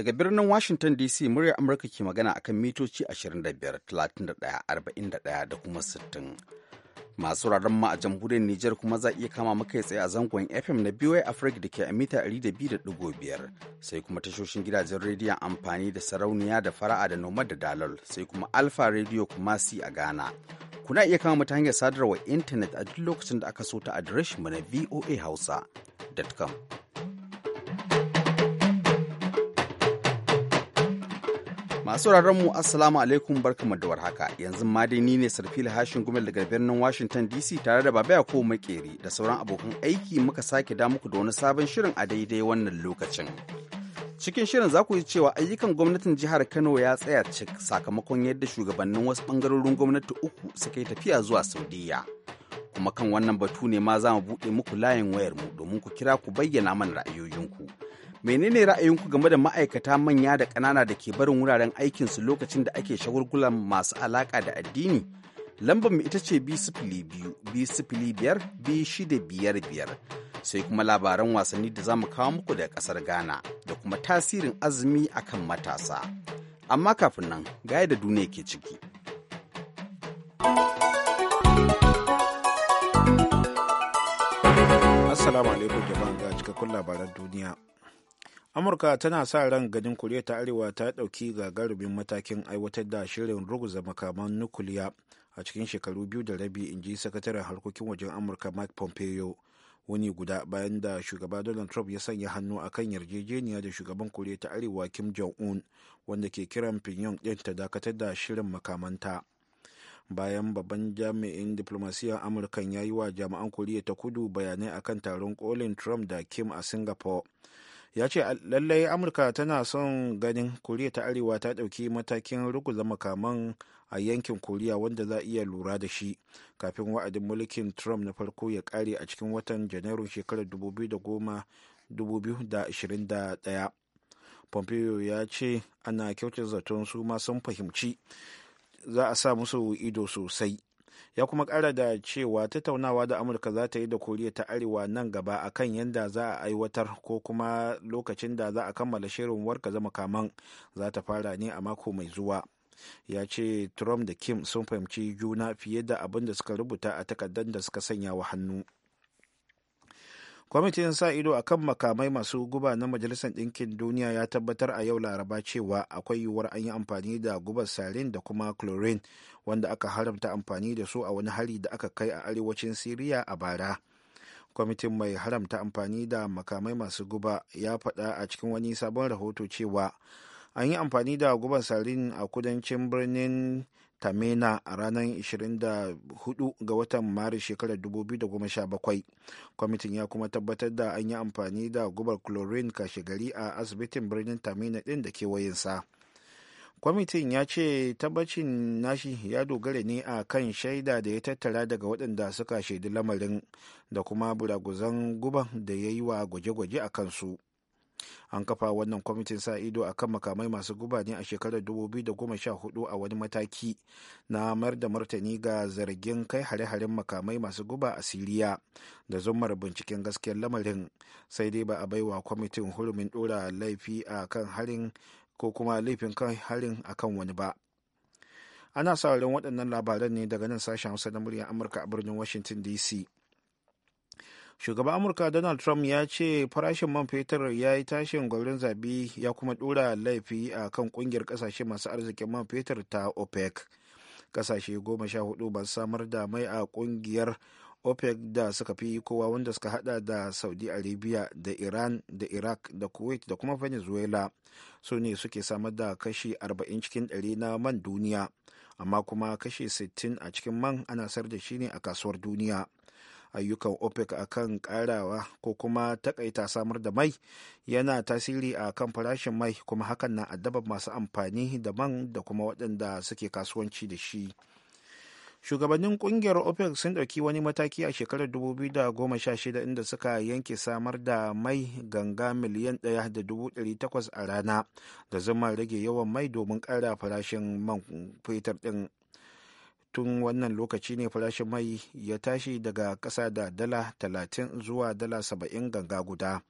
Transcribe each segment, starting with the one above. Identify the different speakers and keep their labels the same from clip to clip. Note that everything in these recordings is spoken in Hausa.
Speaker 1: Daga birnin Washington DC muryar Amurka ke magana akan mitoci 25, 31, 41 da kuma 60. Masu rarren ma a jamhuriyar Nijar kuma za iya kama maka tsaye a zangon FM na BOA Africa da ke a mita 200.5 sai kuma tashoshin gidajen rediyon amfani da sarauniya da fara'a da nomad da dalol sai kuma Alpha Radio kuma si a Ghana. Kuna iya kama ta hanyar sadarwar intanet a duk lokacin da aka so ta mu na voahausa.com. Masu mu Assalamu alaikum barkamu da warhaka. Yanzu ma dai ni ne Sarfil Hashin Gumel daga birnin Washington DC tare da Baba ko Makeri da sauran abokan aiki muka sake da muku da wani sabon shirin a daidai wannan lokacin. Cikin shirin za ku yi cewa ayyukan gwamnatin jihar Kano ya tsaya cik sakamakon yadda shugabannin wasu bangarorin gwamnati uku suka yi tafiya zuwa Saudiya. Kuma kan wannan batu ne ma za mu buɗe muku layin wayarmu domin ku kira ku bayyana mana ra'ayoyinku. menene ra'ayinku game da ma'aikata manya da ƙanana da ke barin wuraren aikinsu lokacin da ake shagulgulan masu alaƙa da addini lambar mu ita ce b sifili biyu b biyar b shida biyar biyar sai kuma labaran wasanni da za mu kawo muku da ƙasar ghana da kuma tasirin azumi akan matasa amma kafin nan gaya da duniya ke ciki
Speaker 2: assalamu alaikum jama'a ga cikakkun labaran duniya amurka tana sa ran ganin koriya ta arewa ta ɗauki gagarumin matakin aiwatar da shirin ruguza makaman nukuliya a cikin shekaru biyu da rabi in ji sakataren harkokin wajen amurka mike pompeo wani guda bayan da shugaba donald trump ya sanya hannu a kan yarjejeniya da shugaban koriya ta arewa kim jong-un wanda ke kiran pyongyang ɗin ta dakatar da shirin makamanta bayan babban jami'in diplomasiyyar amurkan ya yi wa jami'an koriya ta kudu bayanai akan taron kolin trump da kim a singapore ya ce lallai amurka tana son ganin koriya ta arewa ta ɗauki matakin ruguza makaman a yankin koriya wanda za a iya lura da shi kafin wa'adin mulkin trump na farko ya kare a cikin watan janairun shekarar 2021 pompeo ya ce ana kyautar zaton su ma sun fahimci za a sa musu ido sosai ya kuma kara da cewa tattaunawa da amurka za ta yi da koriya ta arewa nan gaba a kan yadda za a aiwatar ko kuma lokacin da za a kammala shirin zama kaman za ta fara ne a mako mai zuwa ya ce trump da kim sun fahimci juna fiye da abin da suka rubuta a takardar da suka sanya wa hannu kwamitin sa ido a kan makamai masu guba na majalisar ɗinkin duniya ya tabbatar a yau laraba cewa akwai yiwuwar an yi amfani da gubar sarin da kuma chlorine wanda aka haramta amfani da su a wani hari da aka kai a arewacin siriya a bara kwamitin mai haramta amfani da makamai masu guba ya faɗa a cikin wani sabon rahoto cewa an yi amfani da gubar sarin a kudancin birnin tamina a ranar 24 ga watan maris shekarar 2017 kwamitin ya kuma tabbatar da an yi amfani da gubar chlorine kashe gari a asibitin birnin tamina ɗin da kewayensa kwamitin ya ce tabbacin nashi ya dogara ne a kan shaida da ya tattara daga waɗanda suka shaidi lamarin da kuma buraguzan guban da ya yi wa gwaje-gwaje a kansu an kafa wannan kwamitin sa ido a kan makamai masu guba ne a shekarar 2014 a wani mataki na mayar da martani ga zargin kai hare-haren makamai masu guba a siriya da zumar binciken gaskiyar lamarin sai dai ba a baiwa kwamitin hurumin dora laifi a kan harin ko kuma laifin kan harin a kan wani ba ana sauraron waɗannan labaran ne daga nan sashen hausa na muryar amurka a birnin washington dc shugaban amurka donald trump ya ce farashin man fetur ya yi tashin gwaurin zabi ya kuma dora laifi a kan kungiyar kasashe masu arzikin man fetur ta opec kasashe goma sha hudu ba samar da mai a kungiyar opec da suka fi kowa wanda suka hada da saudi arabia da iran da iraq da kuwait da kuma venezuela su ne suke samar da kashi 40 cikin 100 na man duniya amma kuma kashi 60 a cikin man ana sayar da shi ne a kasuwar duniya ayyukan opec a kan karawa ko kuma takaita samar da mai yana tasiri a kan farashin mai kuma hakan na addabar masu amfani da man da kuma waɗanda suke kasuwanci da shi shugabannin kungiyar opec sun ɗauki wani mataki a shekarar 2016 inda suka yanke samar da mai ganga miliyan 1.8 a rana da zama rage yawan mai domin kara farashin man fetur ɗin tun wannan lokaci ne farashin mai ya tashi daga ƙasa da dala 30 zuwa dala 70 ganga guda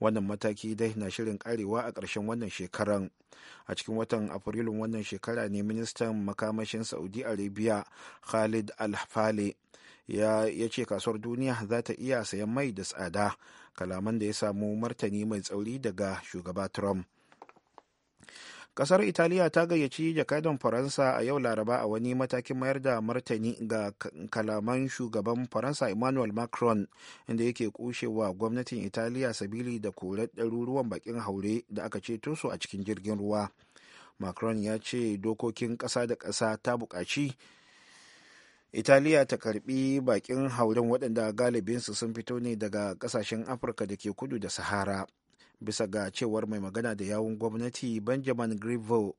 Speaker 2: wannan mataki dai na shirin karewa a ƙarshen wannan shekaran a cikin watan afrilun wannan shekara ne ministan makamashin saudi arabia khalid al-fale ya ce kasuwar duniya za ta iya sayan mai da tsada kalaman da ya samu martani mai tsauri daga shugaba trump kasar italiya ta gayyaci jakadan faransa a yau laraba a wani matakin mayar da martani ga kalaman shugaban faransa emmanuel macron inda yake kushewa gwamnatin italiya sabili da korar ɗaruruwan bakin haure da aka ceto su a cikin jirgin ruwa macron ya ce dokokin ƙasa da ƙasa ta buƙaci italiya ta karbi bakin hauren waɗanda galibinsu sun fito ne daga ƙasashen afirka da ke kudu da sahara bisa ga cewar mai magana da yawun gwamnati benjamin grivel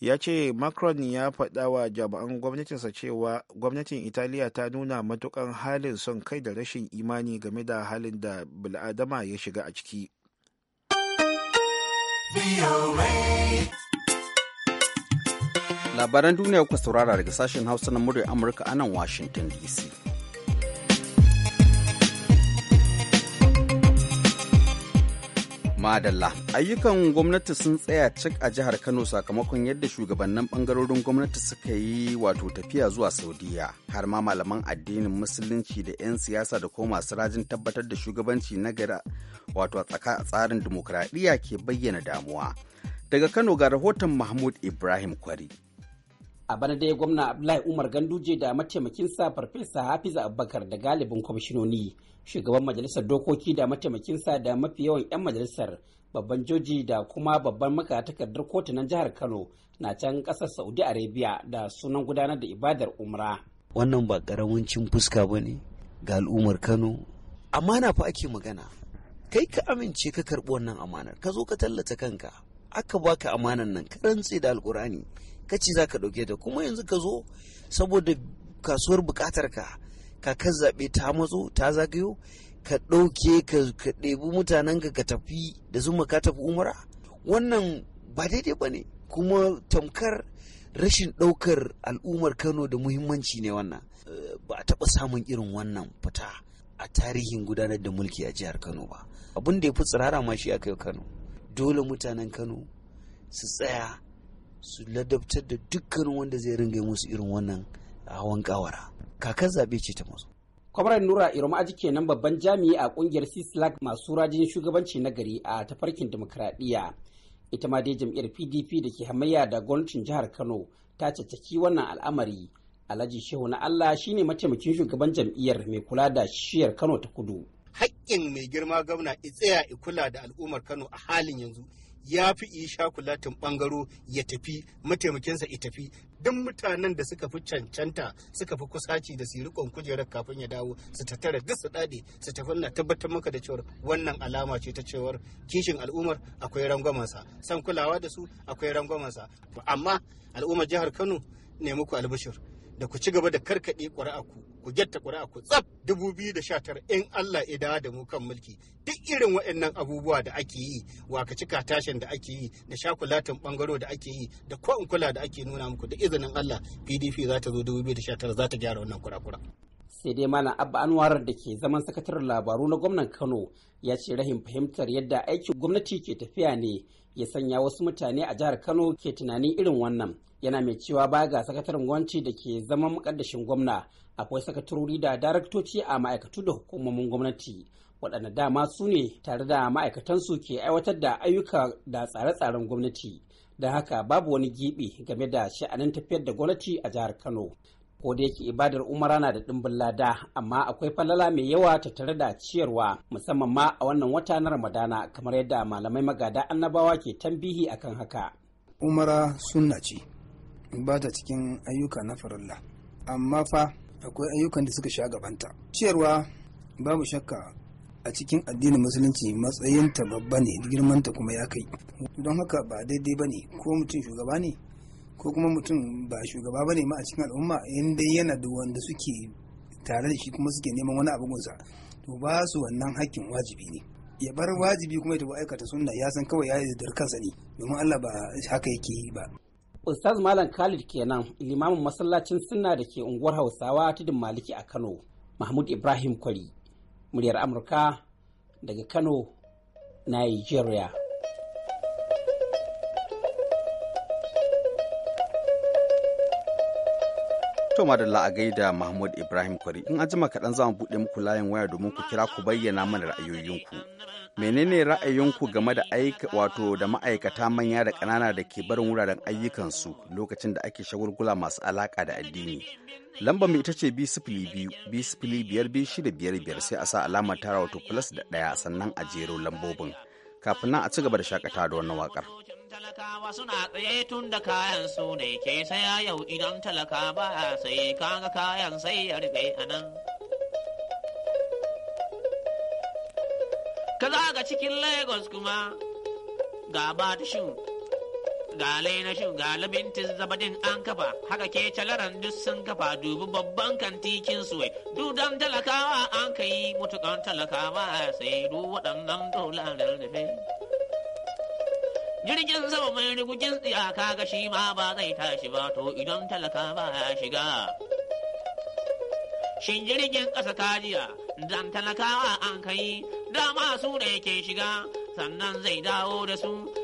Speaker 2: ya ce macron ya faɗa wa jami'an gwamnatinsa cewa gwamnatin italiya ta nuna matukan halin son kai da rashin imani game da halin da bil'adama ya shiga a ciki
Speaker 1: labaran duniya kuka saurara daga sashen hausa na murya amurka a nan washington dc Madalla. Ayyukan gwamnati sun tsaya cik a jihar Kano sakamakon yadda shugabannin bangarorin gwamnati suka yi wato tafiya zuwa Saudiya. Har ma malaman addinin Musulunci da 'yan siyasa da kuma masu rajin tabbatar da shugabanci na gara wato a tsarin dimokuraɗiyya ke bayyana damuwa. Daga Kano ga rahoton Mahmud Ibrahim Kwari. a bana dai gwamna abdullahi umar ganduje da mataimakin sa
Speaker 3: farfesa hafiza abubakar da galibin kwamishinoni shugaban majalisar dokoki da mataimakinsa da mafi yawan 'yan majalisar babban joji da kuma babban takardar kotu na jihar kano na can kasar saudi arabia da sunan gudanar da ibadar umra
Speaker 4: wannan ba karamin cin fuska ba ne ga al'ummar kano
Speaker 3: amana fa ake magana kai ka
Speaker 4: amince ka karɓi wannan amanar ka zo ka tallata kanka aka baka amanar nan ka rantse da alkurani kaci za ka ɗauke ta kuma yanzu ka zo saboda kasuwar buƙatar ka kakar zaɓe ta matso ta zagayo ka ɗauke ka ɗebi mutanenka ka tafi da zuma ka tafi umara wannan ba daidai ba ne kuma tamkar rashin ɗaukar al'ummar kano da muhimmanci ne wannan ba a taɓa samun irin wannan fita a tarihin gudanar da mulki a jihar kano ba abin da ya fi tsirara ma shi aka yi kano dole mutanen kano su tsaya su ladabtar da dukkan wanda zai ringa musu irin wannan hawan kawara kakar zaɓe ce ta musu
Speaker 3: kwamrar nura irma aji kenan babban jami'i a kungiyar sislag masu rajin shugabanci na gari a tafarkin demokradiyya ita ma dai jam'iyyar pdp da ke hamayya da gwamnatin jihar kano ta caccaki wannan al'amari alhaji shehu na allah shine mataimakin shugaban jam'iyyar mai kula da shiyar kano ta kudu
Speaker 5: haƙƙin mai girma gwamna i tsaya i kula da al'ummar kano a halin yanzu ya fi isha kulatin bangaro ya tafi mataimakinsa ya tafi duk mutanen da suka fi cancanta suka fi kusaci da su rikon kujerar kafin ya dawo su tattara duk su dade su tafi na tabbatar maka da cewar wannan alama ce ta cewar kishin al'ummar akwai rangwamansa san kulawa da su akwai rangwamansa amma al'ummar jihar Kano ne muku albishir da ku ci gaba da karkaɗe ƙuri'aku ku gyatta ƙuri'aku tsaf 2019 in Allah ya dawo da mu kan mulki duk irin waɗannan abubuwa da ake yi wakaci cika tashin da ake yi da shakulatin ɓangaro da ake yi da ko in kula da ake nuna muku da izinin Allah PDP za ta zo 2019 za ta gyara wannan kurakura.
Speaker 3: sai dai malam abba anwar da ke zaman sakataren labaru na gwamnan kano ya ce rahin fahimtar yadda aikin gwamnati ke tafiya ne ya sanya wasu mutane a jihar Kano ke tunanin irin wannan. Yana mai cewa baya ga sakataren gwamnati da ke zama mukaddashin gwamna akwai sakatarori da daraktoci a ma'aikatu da hukumomin gwamnati waɗanda dama su ne tare da ma'aikatansu ke aiwatar da ayyuka da tsare-tsaren gwamnati. Da haka babu wani giɓi game da sha'anin tafiyar da gwamnati a jihar Kano. ko da yake ibadar umara na da ɗimbin lada amma akwai falala mai yawa ta tare da ciyarwa musamman ma a wannan wata na ramadana kamar yadda malamai magada annabawa ke tambihi akan haka
Speaker 5: umara sunna ce ba ta cikin ayyuka na farilla amma fa akwai ayyukan da suka sha gabanta ciyarwa babu shakka a cikin addinin musulunci matsayinta babba ne girmanta kuma ya kai don haka ba daidai ba ne ko mutum shugaba ne ko kuma mutum ba shugaba bane ma a cikin al'umma in dai yana da wanda suke tare da shi kuma suke neman wani abu gunsa to ba su wannan hakkin wajibi ne ya bar wajibi kuma ya tafi aikata sunna ya san kawai ya yi kansa ne domin Allah ba haka yake yi ba
Speaker 3: Ustaz Malam Khalid kenan limamin masallacin sunna da ke unguwar Hausawa tudun Maliki a Kano Mahmud Ibrahim Kwari muryar Amurka daga Kano
Speaker 1: Nigeria To madalla a gaida Mahmud Ibrahim Kwari in ajima kaɗan za mu buɗe muku layin waya domin ku kira ku bayyana mana ra'ayoyinku. Menene ra'ayinku game da aika wato da ma'aikata manya da ƙanana da ke barin wuraren ayyukansu lokacin da ake shagulgula masu alaƙa da addini? lamba mai ita ce b biyu b biyar b shida biyar biyar sai a sa alamar tara wato plus da ɗaya sannan a jero lambobin. kafin nan a ci gaba da shakata da wannan wakar.
Speaker 6: talakawa suna tsaye tun da kayan su ne ke saya yau idan talaka ba sai kaga kayan sai ya rufe a nan. Ka zaga cikin Lagos kuma ga ba galai na shin galibin labintin zabadin an kafa haka ke calaran duk sun kafa dubi babban kantikin suwai dudan talakawa an kai ankayi mutukan talakawa sai du waɗannan dolarar da jirgin sama mai rigujin tsiyaka ga shi ma ba zai tashi ba to idan talakawa ya shiga shin jirgin ƙasa kajiya dan talakawa an kai dama su da yake shiga sannan zai dawo da su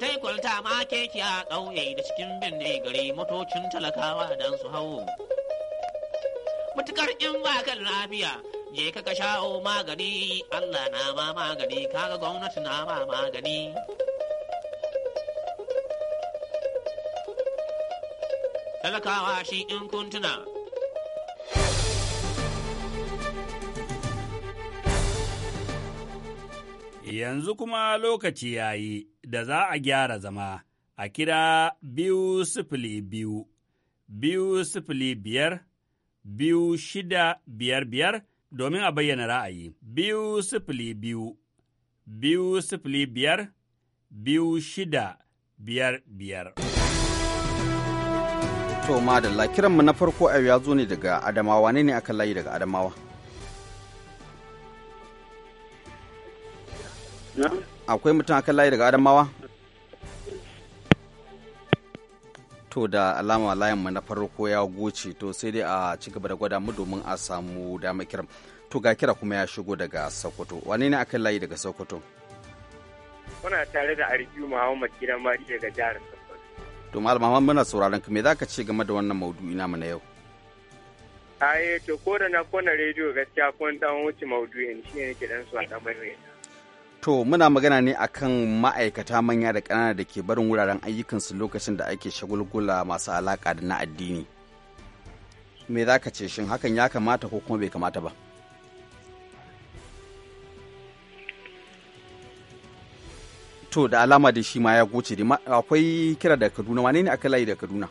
Speaker 6: tai kwalta ma keke a ƙauye da cikin binne gari motocin talakawa don su hau. Mutukar in ba kan lafiya, je ka ka sha'o magani, Allah na ma magani, kaga gwamnati na ma magani. Talakawa shi in kuntuna.
Speaker 1: Yanzu kuma lokaci ya yi da za a gyara zama a kira biyu sifili biyu, biyu sifili biyar, biyu shida biyar biyar domin a bayyana ra'ayi. Biyu sifili biyu, biyu sifili biyar, biyu shida biyar biyar. To, madalla kiranmu na farko a ya zo ne daga Adamawa ne ne aka layi daga Adamawa. akwai mutum akan layi daga adamawa to da alama layin mu na farko ya goce to sai dai a ci gaba da gwada mu domin a samu dama kiran to ga kira kuma ya shigo daga sokoto wane ne akan layi daga sokoto
Speaker 7: kuna tare da arjiyu muhammad gidan mari daga jihar sokoto
Speaker 1: to malama muna sauraron ka me ka ce game da wannan maudu'i namu na yau
Speaker 7: aye to ko da na kona rediyo gaskiya kun dan wuce maudu'in shi ne ke dan su a dan mai
Speaker 1: To muna magana ne akan ma'aikata manya da ƙanana da ke barin wuraren ayyukansu lokacin da ake shagulgula masu alaƙa da na addini. Me za ka ce shin hakan ya kamata ko kuma bai kamata ba? To da alama da shi ma ya goce da akwai kira da Kaduna wane ne aka layi da Kaduna?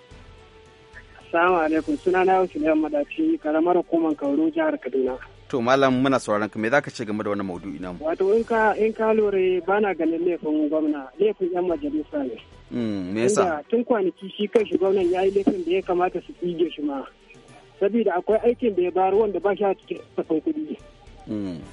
Speaker 7: Assalamu alaikum sunana Usman Madafi karamar hukumar Kauru jihar Kaduna.
Speaker 1: To malam muna sauran ka me zaka ce game da wannan maudu'i namu?
Speaker 5: Wato in ka in ka lura bana ganin laifin gwamna, laifin yan majalisa ne.
Speaker 1: Mm, me yasa?
Speaker 5: Tun kwanaki shi kai shi gwamnan yayi laifin da ya kamata su tsige shi ma. Saboda akwai aikin da ya bayar wanda ba shi a cikin safan kuɗi. Hmm.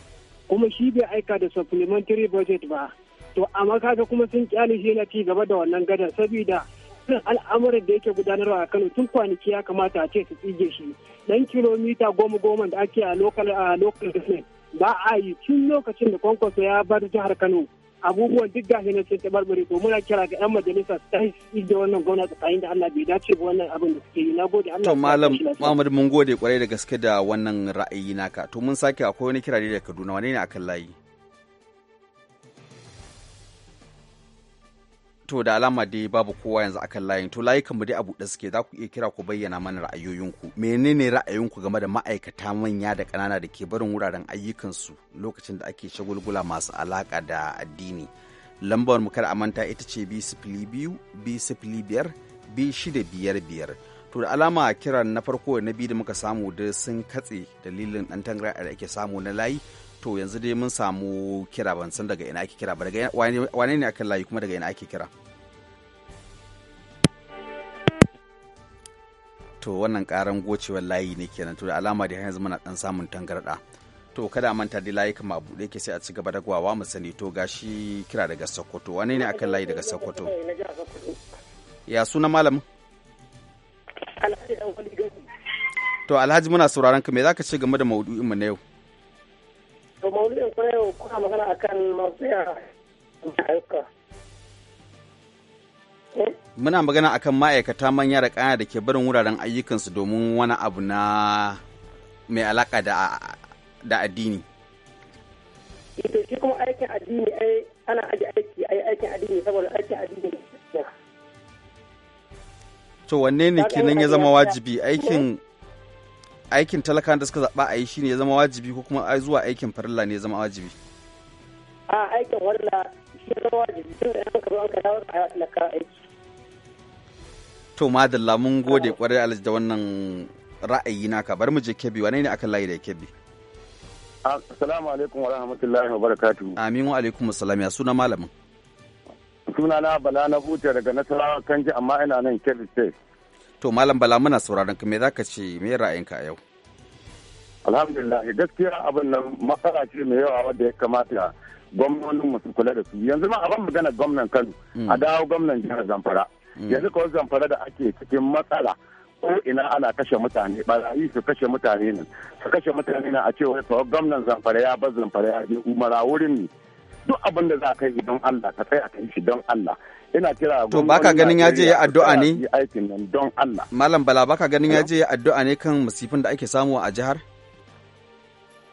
Speaker 5: Kuma shi bai aika da supplementary budget ba. To amma kaga kuma sun kyale shi na ci gaba da wannan gadar saboda irin al'amuran da yake gudanarwa a Kano tun kwanaki ya kamata a ce su tsige shi dan kilomita goma goma da ake a local a local government ba a yi tun lokacin da kwankwaso ya bar jihar Kano abubuwan duk gashi na sun tabarbare to muna kira ga 'yan majalisa su tashi su da wannan gwamna tsakanin da Allah bai dace ba wannan abin da suke yi na gode Allah to malam Muhammad
Speaker 1: mun gode kwarai da gaske da wannan ra'ayi naka to mun sake akwai wani kira da Kaduna wane ne akan layi to da alama dai babu kowa yanzu akan layin to layukan mu dai a buɗe suke za ku iya kira ku bayyana mana ra'ayoyinku menene ra'ayinku game da ma'aikata manya da ƙanana da ke barin wuraren ayyukansu lokacin da ake shagulgula masu alaƙa da addini lambar mu kada a manta ita ce bi sifili biyu bi sifili biyar bi shida biyar biyar to da alama kiran na farko na biyu da muka samu da sun katse dalilin ɗan tangar da ake samu na layi to yanzu dai mun samu kira ban san daga ina ake kira ba daga wane ne akan layi kuma daga ina ake kira to wannan karan gocewar layi ne kenan to da alama da yanzu muna dan samun tangarda to kada a manta dai layi kama abu ke sai a ci gaba da gwawa mu sani to gashi kira daga Sokoto wane ne akan layi daga Sokoto ya suna malam to alhaji muna sauraron ka me zaka ce game da maudu'in mu na yau
Speaker 7: to maulidin ko yau kuna magana akan masu ya ayyuka
Speaker 1: eh? muna magana akan ma'aikata manya da ƙana da ke barin wuraren ayyukansu domin wani abu na mai alaƙa da addini
Speaker 7: ito eh, shi kuma aikin addini ai ana aji aiki ai aikin addini saboda aikin addini
Speaker 1: to wanne ne kenan ya zama wajibi aikin aikin talaka da suka zaɓa a yi shi ne ya zama wajibi ko kuma zuwa aikin farilla ne ya zama wajibi
Speaker 6: a aikin farilla
Speaker 7: shi ya zama wajibi tun da yanka zo an ka dawo a talaka aiki
Speaker 1: to madalla mun ah. gode kwarai alhaji da wannan ra'ayi naka bari mu je kebbi wane ne akan layi da kebbi assalamu alaikum wa rahmatullahi wa barakatu. amin wa alaikum assalam ya suna malamin suna na bala na huta daga nasarawa kanji amma ina nan kebbi state To Malam Bala muna sauraron ka me zaka ce me ra'ayinka a yau?
Speaker 7: Alhamdulillah gaskiya abin nan matsala ce mai yawa wadda ya kamata gwamnonin mu su kula da su yanzu ma abin magana gwamnan Kano mm. a dawo gwamnan jihar Zamfara mm. yanzu kawai Zamfara da ake cikin matsala ko ina ana kashe mutane barayi su kashe mutane nan su kashe mutane nan a cewa kawai gwamnan Zamfara ya bar Zamfara ya je umara wurin ne duk abin da za ka yi don Allah ka tsaya ka yi shi don Allah ina kira to baka ganin ya je addu'a ne
Speaker 1: aikin nan don Allah malam bala baka ganin ya je addu'a ne kan musifin da ake samu a jihar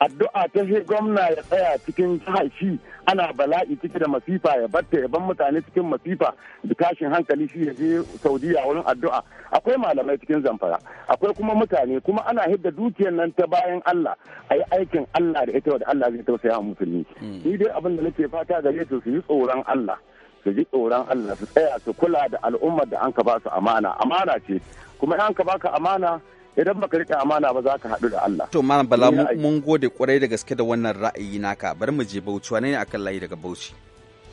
Speaker 1: addu'a ta shi gwamna ya tsaya cikin shi ana bala'i ciki da masifa
Speaker 7: ya batta ya ban mutane cikin masifa da tashin hankali shi ya je saudiya wurin addu'a akwai malamai cikin zamfara akwai kuma mutane kuma ana hidda dukiyar nan ta bayan allah a yi aikin allah da ita da allah zai tausaya musulmi hmm. ni dai abin da nake fata gare su su yi tsoron allah su ji tsoron Allah su tsaya su kula da al'ummar da an ka ba su amana amana ce kuma an ka baka amana idan baka rike amana ba za ka haɗu da Allah. To
Speaker 1: Malam Bala mun gode kwarai da gaske da wannan ra'ayi naka bari mu je Bauchi wane ne akan layi daga Bauchi?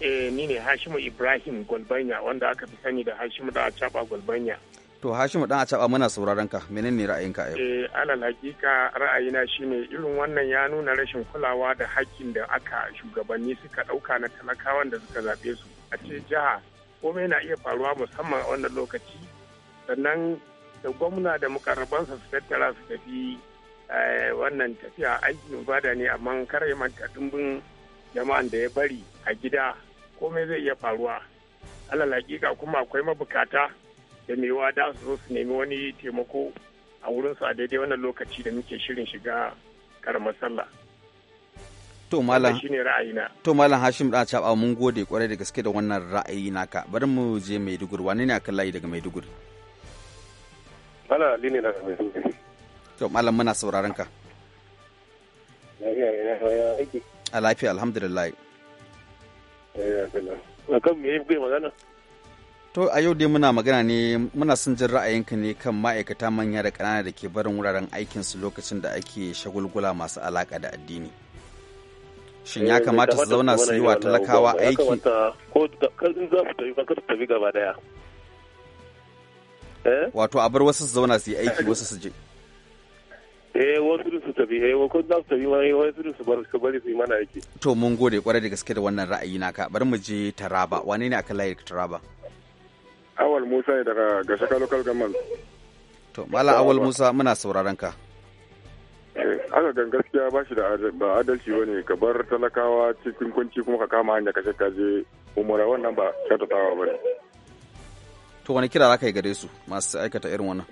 Speaker 7: Eh ni ne Hashimu Ibrahim Golbanya wanda aka fi sani da Hashimu da Acaba Golbanya.
Speaker 1: To Hashimu dan Acaba muna sauraron ka menene ra'ayinka yau?
Speaker 7: Eh alal hakika ra'ayina shine irin wannan ya nuna rashin kulawa da hakkin da aka shugabanni suka ɗauka na talakawan da suka zaɓe su. a ce jiha komai na iya faruwa musamman a wannan lokaci sannan da gwamna da mukarrabansa su tattara su tafi eh, wannan tafiya aikin bada ne amma kare manta dumbin jama'an da ya bari a gida komai zai iya faruwa alal hakika kuma akwai mabukata da mai wada su zo su nemi wani taimako a wurinsu a daidai wannan lokaci da muke shirin shiga karamar sallah
Speaker 1: To malam To malam Hashim da caba mun gode kwarai da gaske da wannan ra'ayi naka. Bari mu je Maiduguri. wani ne aka layi daga Maiduguri?
Speaker 7: Malam Ali ne daga Maiduguri.
Speaker 1: To malam muna sauraron ka. A lafiya alhamdulillah. To a yau dai muna magana ne muna son jin ra'ayinka ne kan ma'aikata manya da ƙanana da ke barin wuraren aikinsu lokacin da ake shagulgula masu alaƙa da addini. shin ya kamata su zauna su yi wa talakawa aiki eh? wato a bar wasu su zauna su yi aiki wasu su je
Speaker 7: eh wasu su tafi eh ko za su tafi wani eh, wasu su bar su bari su yi mana aiki
Speaker 1: to mun gode kwarai da gaske da wannan ra'ayi naka bar mu je Taraba wane ne akan layar Taraba
Speaker 7: Awal Musa daga Gashaka Local Government
Speaker 1: to Mala Awal Musa muna sauraron ka
Speaker 7: Eh, aka gan gaskiya ba shi da ba adalci bane ka bar talakawa cikin kunci kuma ka kama hanya kashe kaje umura wannan ba kyautatawa ne.
Speaker 1: to wani kira ka yi gare su masu aikata irin wannan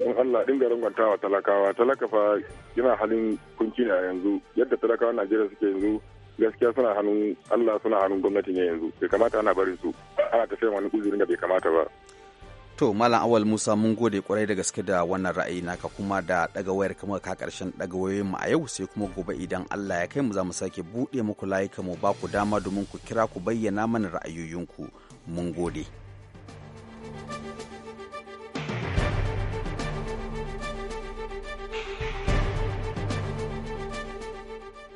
Speaker 7: mun Allah dinga wa talakawa talaka fa yana halin kunci ne a yanzu yadda talakawa Najeriya suke yanzu gaskiya suna hannun Allah suna hannun gwamnati ne yanzu bai kamata ana barin su ana tafiya wani uzurin da bai kamata ba
Speaker 1: To Malam Awal Musa mun gode kwarai da gaske da wannan ra'ayi naka kuma da daga wayar kama ka karshen daga mu a yau sai kuma gobe idan Allah ya kai mu za mu sake buɗe muku layuka mu ba ku dama domin ku kira ku bayyana mana ra'ayoyinku. Mun gode.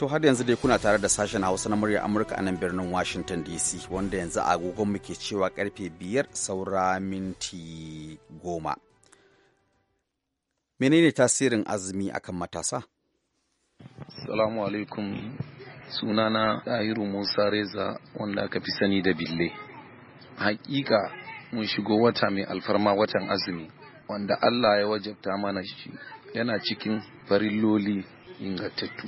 Speaker 1: To har yanzu dai kuna tare da sashen Hausa na murya Amurka a nan birnin Washington DC wanda yanzu agogon muke cewa karfe biyar saura minti goma. Menene tasirin azumi akan matasa?
Speaker 8: Salamu alaikum sunana Ɗahiru Musa Reza wanda aka fi sani da Bille. Hakika mun shigo wata mai alfarma watan azumi wanda Allah ya wajabta mana shi yana cikin farilloli ingantattu.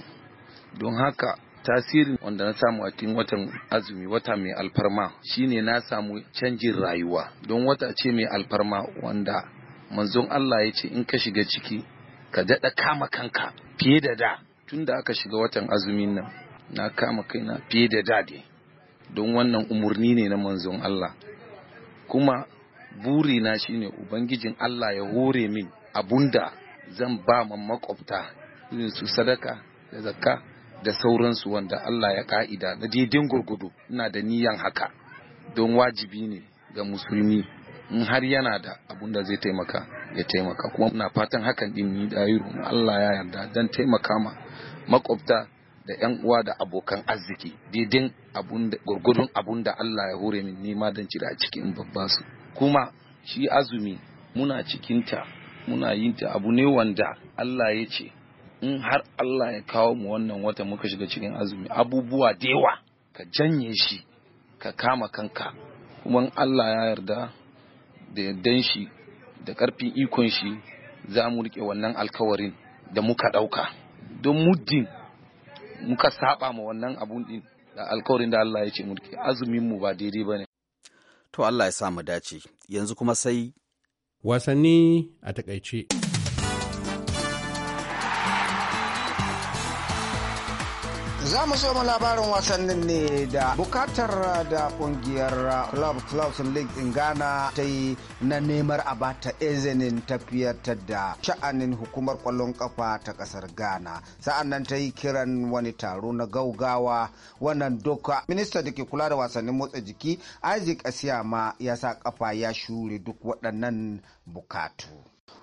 Speaker 8: don haka tasirin wanda na samu a cikin watan azumi wata mai alfarma shine na samu canjin rayuwa don wata ce mai alfarma wanda manzon Allah ya ce in ka shiga ciki ka daɗa kama kanka fiye da da tun da aka shiga watan azumin nan na kama kaina fiye da da dai don wannan umarni ne na manzon Allah kuma buri na shine ubangijin Allah ya hore min abunda zan ba ma makwabta irin su sadaka da zakka da sauransu wanda Allah ya ka'ida na daidin gurgudu ina da niyan haka don wajibi ne ga musulmi in har yana da abun da zai taimaka ya taimaka kuma na fatan hakan din ni da dayiru Allah ya yarda don taimaka ma makwabta da yan uwa da abokan arziki daidin gurgudun abun da Allah ya hore min nima don cire a cikin babbasu. kuma shi azumi muna cikinta muna yinta abu ne wanda Allah ya ce in har Allah ya kawo mu wannan wata muka shiga cikin azumi abubuwa da yawa ka janye shi ka kama kanka kuma in Allah ya yarda da yardan shi da karfin ikon shi za mu rike wannan alkawarin da muka ɗauka don muddin muka saba ma wannan abun din da alkawarin da Allah ya ce mu rike azumin mu ba daidai ba ne to Allah ya sa mu dace yanzu kuma sai
Speaker 1: wasanni a takaice
Speaker 5: Za mu so mu labarin wasannin ne da bukatar da kungiyar Club Clubs League in Ghana ta yi na nemar a bata izinin tafiyar da sha'anin hukumar kwallon kafa ta kasar Ghana. Sa'an nan ta yi kiran wani taro na gaugawa wannan doka. Minista da ke kula da wasannin motsa jiki Isaac Asiyama ya sa kafa ya shure duk waɗannan bukatu.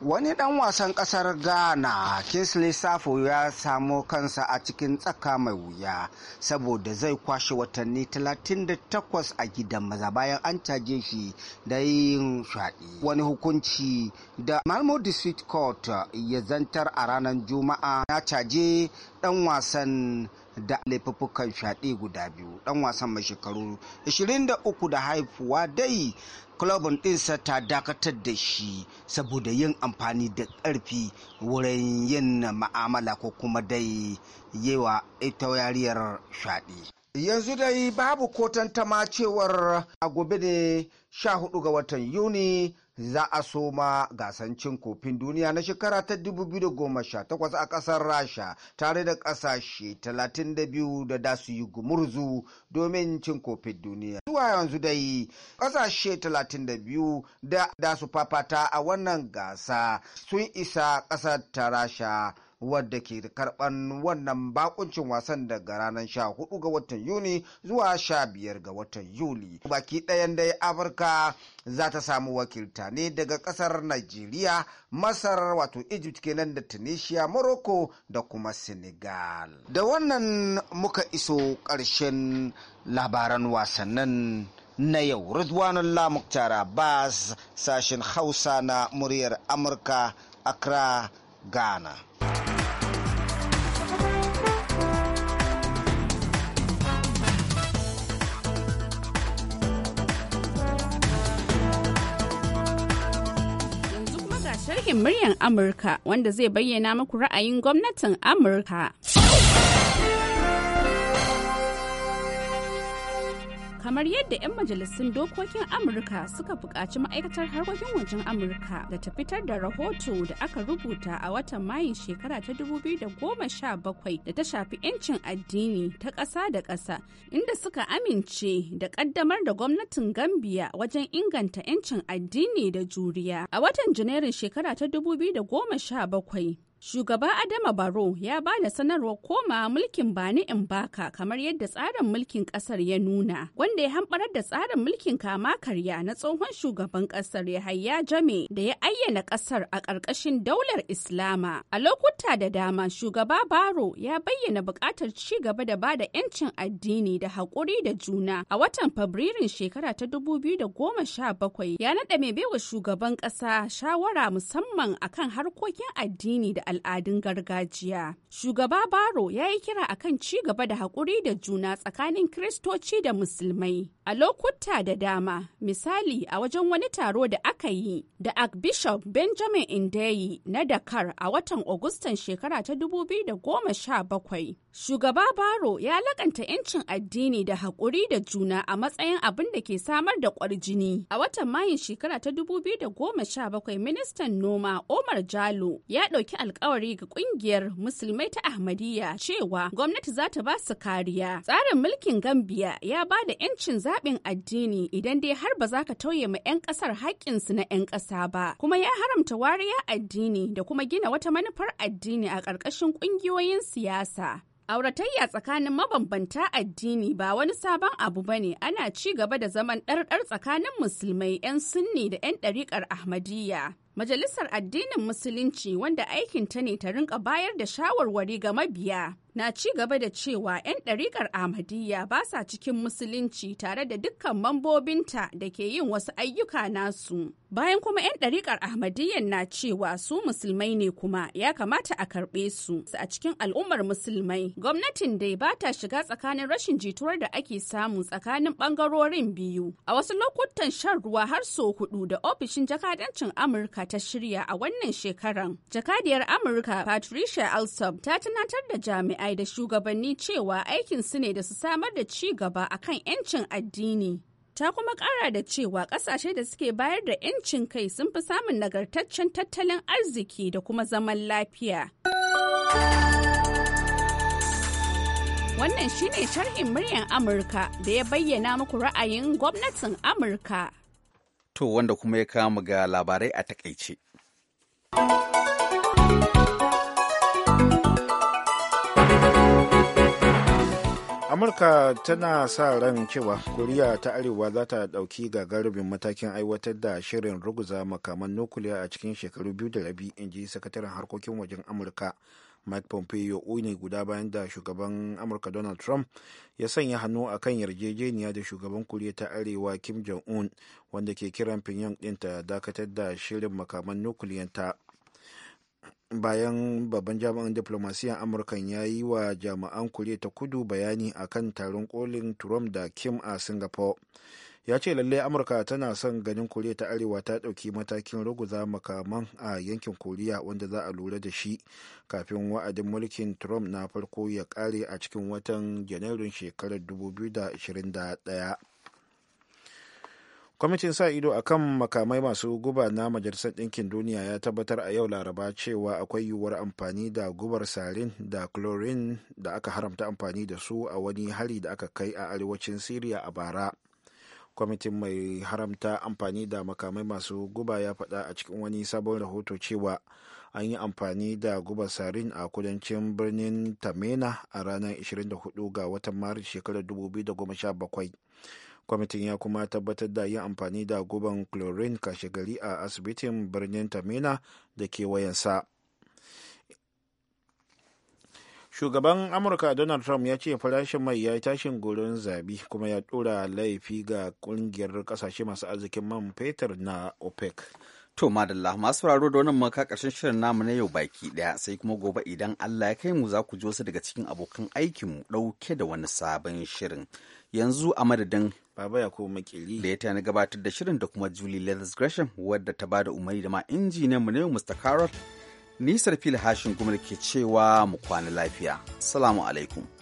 Speaker 5: Wani ɗan wasan ƙasar Ghana, Kingsley Safo ya samu kansa a cikin tsaka mai wuya saboda zai kwashe watanni 38 a gidan maza bayan an caje shi da yin shaɗi. Wani hukunci da Malmo District Court ya zantar a ranar Juma'a ya caje ɗan wasan da laifuffukan fyaɗe guda biyu ɗan wasan mai shekaru 23 da haifuwa dai klubin ɗinsa ta dakatar da shi saboda yin amfani da ƙarfi wurin yin ma'amala ko kuma dai yewa ita yariyar fyaɗe yanzu dai babu ko tantama cewar a gobe ne 14 ga watan yuni za a soma gasan cin kofin duniya na shekara ta 2018 a kasar rasha tare da kasashe 32 da da su yi gumurzu domin cin kofin duniya zuwa yanzu dai kasashe 32 da da su fafata a wannan gasa sun isa kasar ta rasha wadda ke karban wannan bakuncin wasan daga ranar sha hudu ga watan yuni zuwa sha biyar ga watan yuli baki ɗayan dai afirka za ta samu wakilta ne daga ƙasar Najeriya, Masar wato Egypt kenan da Tunisia, Morocco da kuma Senegal. Da wannan muka iso ƙarshen labaran wasannin na yau Ridwanul Lamuktara Bas sashen Hausa na muryar Amurka, Accra, Ghana.
Speaker 9: aikin muryar Amurka wanda zai bayyana muku ra'ayin gwamnatin Amurka. kamar yadda 'yan majalisun dokokin amurka suka buƙaci ma'aikatar harkokin wajen amurka da ta fitar da rahoto da aka rubuta a watan mayun shekara ta 2017 da ta shafi 'yancin addini ta ƙasa da ƙasa inda suka amince da ƙaddamar da gwamnatin gambia wajen inganta 'yancin addini da juriya a watan janairun shekara ta 2017 Shugaba Adama Barrow ya ba da sanarwar koma mulkin bani in baka kamar yadda tsarin mulkin kasar ya nuna, wanda ya hamɓarar da tsarin mulkin kama karya na tsohon shugaban kasar Yahaya Jami da ya ayyana kasar a ƙarƙashin daular Islama. A lokuta da dama shugaba Barrow ya bayyana buƙatar ci gaba da bada 'yancin addini da haƙuri da juna a watan Fabrairun shekara ta dubu biyu da goma sha bakwai, ya naɗa mai baiwa shugaban ƙasa shawara musamman akan harkokin addini da al'adun gargajiya. Shugaba Baro ya yi kira akan ci gaba da haƙuri da juna tsakanin Kiristoci da Musulmai. A lokuta da dama, misali a wajen wani taro da aka yi da Archbishop Benjamin Indeyi na Dakar a watan Agustan shekara ta 2017, shugaba Baro ya lakanta 'yancin addini da haƙuri da juna a matsayin abin da ke samar da ƙwarjini. A watan Mayun shekara ta 2017, ministan noma Omar Jalo ya ɗauki alkawari ga ƙungiyar Musulmai ta Ahmadiyya cewa gwamnati za ta ba su kariya. Tsarin mulkin Gambia ya ba da 'yancin zaɓin addini idan dai har ba za ka tauye ma 'yan ƙasar haƙƙinsu na 'yan ƙasa ba. Kuma ya haramta wariya addini da kuma gina wata manufar addini a ƙarƙashin ƙungiyoyin siyasa. Auratayya tsakanin mabambanta addini ba wani sabon abu ba ne ana ci gaba da zaman ɗarɗar tsakanin musulmai 'yan sunni da 'yan ɗariƙar Ahmadiyya. Majalisar Addinin Musulunci wanda aikin ta ne ta rinka bayar da shawarwari ga mabiya na ci gaba da cewa 'yan ɗariƙar Ahmadiyya ba sa cikin Musulunci tare da dukkan mambobinta da ke yin wasu ayyuka nasu. Bayan kuma 'yan ɗariƙar Ahmadiyya na cewa su musulmai ne kuma ya kamata a karɓe su a cikin al'ummar musulmai. Gwamnatin dai ba ta shiga tsakanin rashin jituwar da ake samu tsakanin ɓangarorin biyu. A wasu lokutan shan ruwa har so hudu da ofishin jakadancin Amurka Amurka ta shirya a wannan shekaran. Jakadiyar Amurka Patricia Alsop ta tunatar da jami'ai da shugabanni cewa aikin su ne da su samar da ci gaba akan 'yancin addini. Ta kuma ƙara da cewa kasashe da suke bayar da 'yancin kai sun fi samun nagartaccen tattalin arziki da kuma zaman lafiya. Wannan shine sharhin muryan Amurka da ya bayyana muku ra'ayin gwamnatin Amurka.
Speaker 1: To wanda kuma ya kama ga labarai a takaice.
Speaker 2: amurka tana sa ran cewa koriya ta arewa za ta ɗauki gagarumin matakin aiwatar da shirin ruguza makaman nukuliya a cikin shekaru biyu da rabi in ji sakataren harkokin wajen amurka mike pompeo ne guda bayan da shugaban amurka donald trump ya sanya hannu a kan yarjejeniya da shugaban koriya ta arewa kim jong-un wanda ke kiran pyongyang din ta dakatar da shirin makaman nukiliyanta bayan babban jami'an diplomasiyan amurka ya yi wa jami'an koriya ta kudu bayani akan taron kolin trump da kim a singapore ya ce lalle amurka tana son ganin koriya ta arewa ta dauki matakin ruguza makaman a yankin koriya wanda za a lura da shi kafin wa'adin mulkin trump na farko ya kare a cikin watan janairun shekarar 2021 kwamitin sa ido akan makamai masu guba na majalisar ɗinkin duniya ya tabbatar a yau laraba cewa akwai yiwuwar amfani da gubar sarin da chlorine da aka haramta amfani da su a wani hari da aka kai a arewacin syria a bara kwamitin mai haramta amfani da makamai masu guba ya faɗa a cikin wani sabon rahoto cewa an yi amfani da guba sarin a kudancin birnin tamena a ranar 24 ga watan maris shekarar 2017 kwamitin ya kuma tabbatar da yin amfani da guban chlorine kashe gari a asibitin birnin tamena da kewayensa. shugaban amurka donald trump ya ce farashin mai ya yi tashin gurin zabi kuma ya tura laifi ga kungiyar kasashe masu arzikin man fetur na opec to madalla
Speaker 1: masu raro da wannan maka karshen shirin namu na yau baki daya sai kuma gobe idan allah ya kai mu za ku ji wasu daga cikin abokan aikinmu dauke da wani sabon shirin yanzu a madadin baba ya ko makili da ya tani gabatar da shirin da kuma julie leathers gresham wadda ta bada umarni da ma injiniyan mu na yau mr carroll Nisar fili hashin Gwamnati ke cewa mu kwana lafiya. Salamu alaikum.